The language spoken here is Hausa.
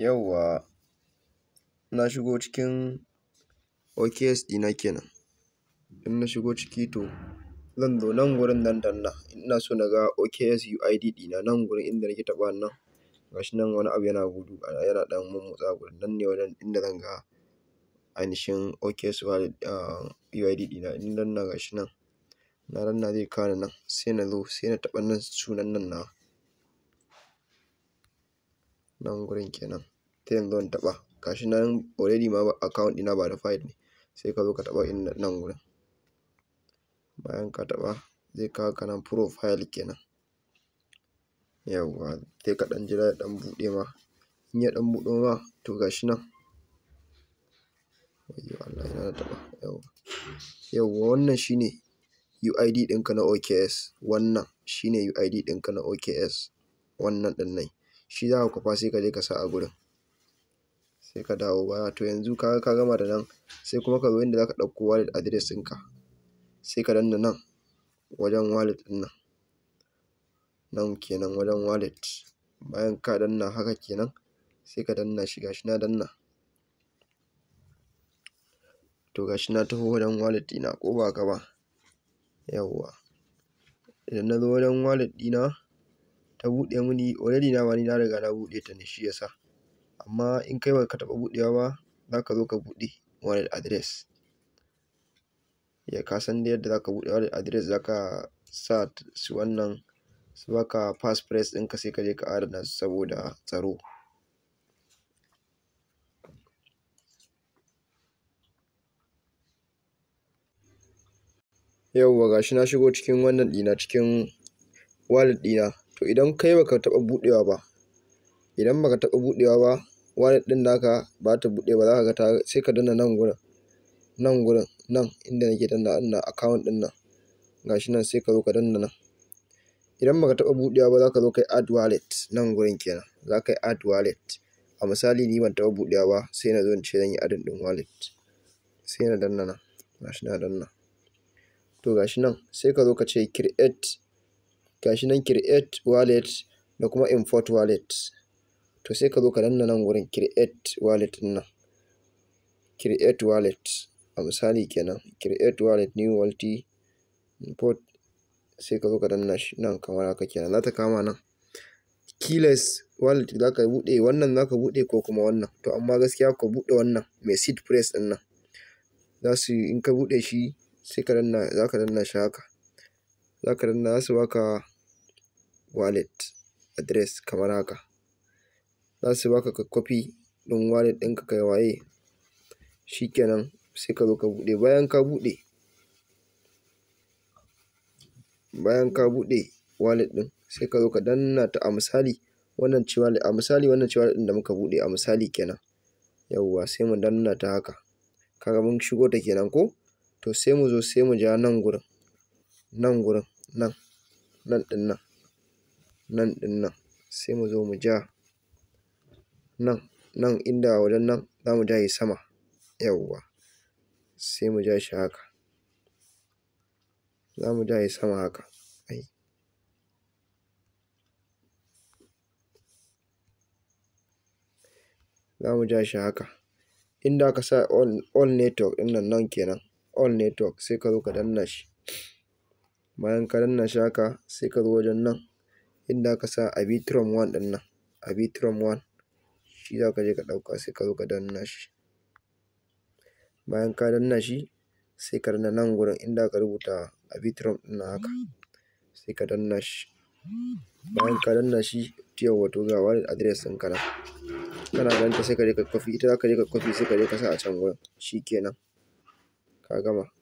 Yauwa na shigo cikin OKs ɗina kenan. In na shigo ciki to zan zo nan gurin nan da nan. Ina so na ga OKs UID ɗina nan gurin inda nake taɓa nan. Gashi nan wani abu yana gudu yana ɗan mummotsa a gurin. Nan ne wajen inda zan ga ainihin OKs ah, UID ɗina. In na gashi nan, na danna zai kawo ni nan sai na zo sai na taɓa nan sunan nan nawa. Nan gurin kenan. ta yanzu zan taɓa gashi nan already ma account ɗina ba da file ne sai ka zo ka taɓa in nan gurin bayan ka taɓa zai kawo ka nan profile kenan yawwa sai ka ɗan jira ya ɗan buɗe ma in ya ɗan buɗe ma to gashi nan wayyo Allah ina na taɓa yawwa yawwa wannan shine UID ɗinka na OKS wannan shine UID ɗinka na OKS wannan ɗin nan shi za ka kwafa sai ka je ka sa a gurin sai ka dawo baya to yanzu ka ka gama da nan sai kuma ka zo inda zaka dauko wallet address ɗinka sai ka danna nan wajen wallet ɗin nan nan kenan wajen wallet bayan ka danna haka kenan sai ka danna shi gashi na danna to gashi na taho wajen wallet ɗina ko ba ka ba yawwa idan na zo wajen wallet ɗina ta buɗe mini already na bani na riga na buɗe ta ne shi yasa amma in kai baka taɓa buɗewa ba zaka zo ka buɗe wallet address ka san dai yadda zaka buɗe wallet address zaka sa su wannan su baka passphrase ɗinka sai kaje ka adana su saboda tsaro yauwa gashi na shigo cikin wannan ɗina cikin wallet ɗina to idan kai baka taɓa buɗewa ba idan baka taɓa buɗewa ba wallet ɗin naka ba ta buɗe ba za ka ga ta sai ka danna nan gurin nan gurin nan inda nake danna ina account din nan gashi nan sai ka zo ka danna nan idan baka taɓa buɗewa ba za ka zo kai add wallet nan gurin kenan za ka yi add wallet a misali ni ban taɓa buɗewa ba sai na zo in ce zan yi adin din wallet sai na danna nan gashi na danna to gashi nan sai ka zo ka ce create gashi nan create wallet da kuma import wallet to sai ka zo ka danna nan wurin create wallet nan create wallet a misali kenan create wallet new wallet import sai ka zo ka danna shi nan kamar haka kenan za ta kama nan keyless wallet za ka buɗe wannan za ka buɗe ko kuma wannan to amma gaskiya ka buɗe wannan mai seed press ɗin nan za su in ka buɗe shi sai ka danna za ka danna shi haka za ka danna za su baka wallet address kamar haka za su baka ka kwafi ɗin wallet ɗinka kai waye shikenan sai ka zo ka buɗe bayan ka buɗe bayan ka buɗe wallet ɗin sai ka zo ka danna ta a misali wannan ce wallet a misali wannan ce wallet ɗin da muka buɗe a misali kenan yawwa sai mu danna ta haka kaga mun shigo ta kenan ko to sai mu zo sai mu ja nan gurin nan gurin nan nan ɗin nan nan ɗin nan sai mu zo mu ja nan nan inda wajen nan za mu ja shi sama yawwa sai mu ja shi haka za mu ja shi sama haka ai za mu ja shi haka inda ka sa all network ɗin nan nan kenan all network sai ka zo ka danna shi bayan ka danna shi haka sai ka zo wajen nan inda ka sa abitrum 1 ɗin nan abitrum 1 shi za ka je ka ɗauka sai ka zo ka danna shi bayan ka danna shi sai ka danna nan gurin inda aka rubuta a arbitrum ɗin nan haka sai ka danna shi bayan ka danna shi yawwa to ga wallet address ɗin ka kana kana ganin ta sai ka je ka kofi ita za ka je ka kofi sai ka je ka sa a can gurin shikenan ka gama